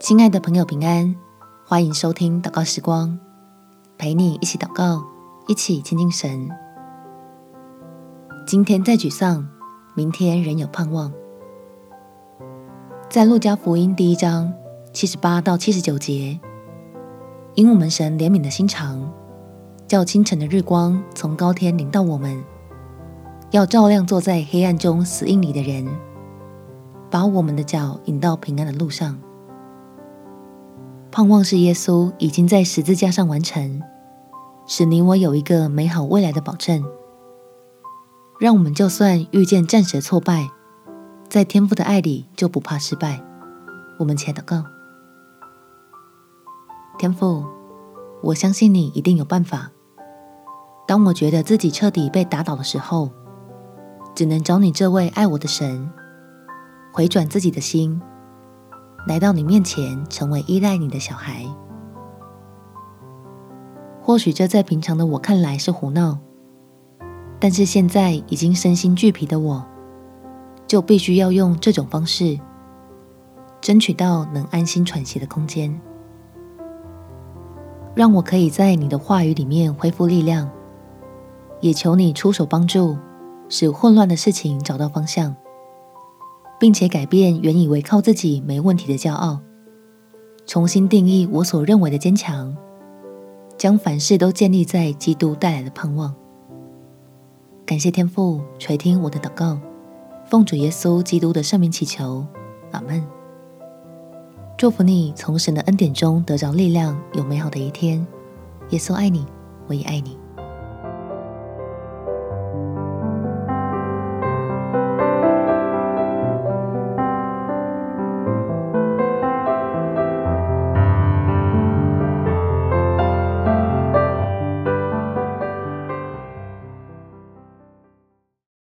親愛的朋友，平安，歡迎收聽禱告時光，陪你一起禱告，一起親近神。今天再沮喪，明天仍有盼望。在路加福音第一章七十八到七十九節，因我們神憐憫的心腸，叫清晨的日光從高天臨到我們，要照亮坐在黑暗中死蔭裡的人，把我們的腳引到平安的路上。盼望是耶穌已經在十字架上完成，使你我有一個美好未來的保證。讓我們就算遇見暫時的挫敗，在天父的愛裡就不怕失敗。我們前禱告，天父，我相信你一定有辦法。當我覺得自己徹底被打倒的時候，只能找你這位愛我的神，回轉自己的心。來到你面前，成為依賴你的小孩。或許這在平常的我看來是胡鬧，但是現在已經身心俱疲的我，就必須要用這種方式，爭取到能安心喘息的空間。讓我可以在你的話語裡面恢復力量，也求你出手幫助，使混亂的事情找到方向。並且改變原以為靠自己沒問題的驕傲，重新定義我所認為的堅強，將凡事都建立在基督帶來的盼望。感謝天父垂聽我的禱告，奉主耶穌基督的聖名祈求，阿門。祝福你從神的恩典中得着力量，有美好的一天。耶穌愛你，我也愛你。